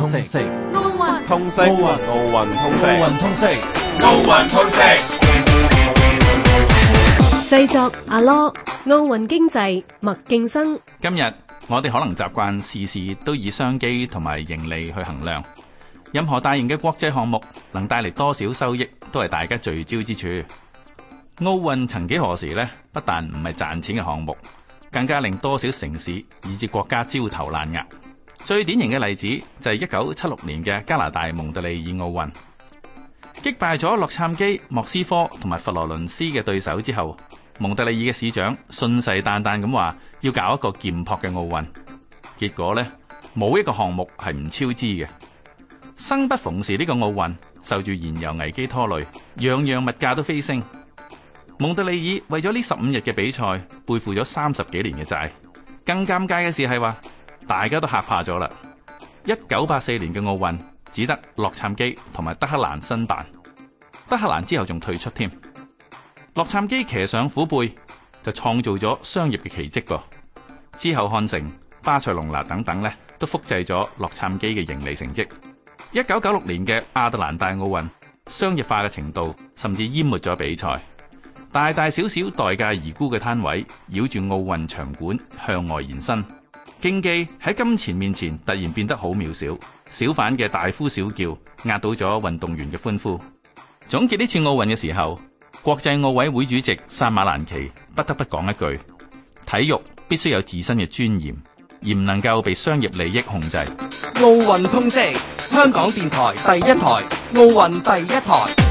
通奧運，奧食運，奧運，通奧作運，通奧運，通製作阿羅，奧運經濟，麥敬生。今日我哋可能習慣事事都以商機同埋盈利去衡量，任何大型嘅國際項目能帶嚟多少收益，都係大家聚焦之處。奧運曾幾何時呢？不但唔係賺錢嘅項目，更加令多少城市以至國家焦頭爛額。最典型嘅例子就係一九七六年嘅加拿大蒙特利爾奧運，擊敗咗洛杉磯、莫斯科同埋佛羅倫斯嘅對手之後，蒙特利爾嘅市長信誓旦旦咁話要搞一個儉樸嘅奧運，結果呢，冇一個項目係唔超支嘅。生不逢時呢個奧運受住燃油危機拖累，樣樣物價都飛升。蒙特利爾為咗呢十五日嘅比賽背負咗三十幾年嘅債，更尷尬嘅事係話。大家都嚇怕咗啦！一九八四年嘅奧運只得洛杉磯同埋德黑蘭申辦，德黑蘭之後仲退出添。洛杉磯騎上虎背就創造咗商業嘅奇蹟噃。之後漢城、巴塞隆拿等等咧都複製咗洛杉磯嘅盈利成績。一九九六年嘅亞特蘭大奧運商業化嘅程度甚至淹沒咗比賽。大大小小待價而沽嘅攤位繞住奧運場館向外延伸，競技喺金錢面前突然變得好渺小，小販嘅大呼小叫壓倒咗運動員嘅歡呼。總結呢次奧運嘅時候，國際奧委會主席薩馬蘭奇不得不講一句：體育必須有自身嘅尊嚴，而唔能夠被商業利益控制。奧運通識，香港電台第一台，奧運第一台。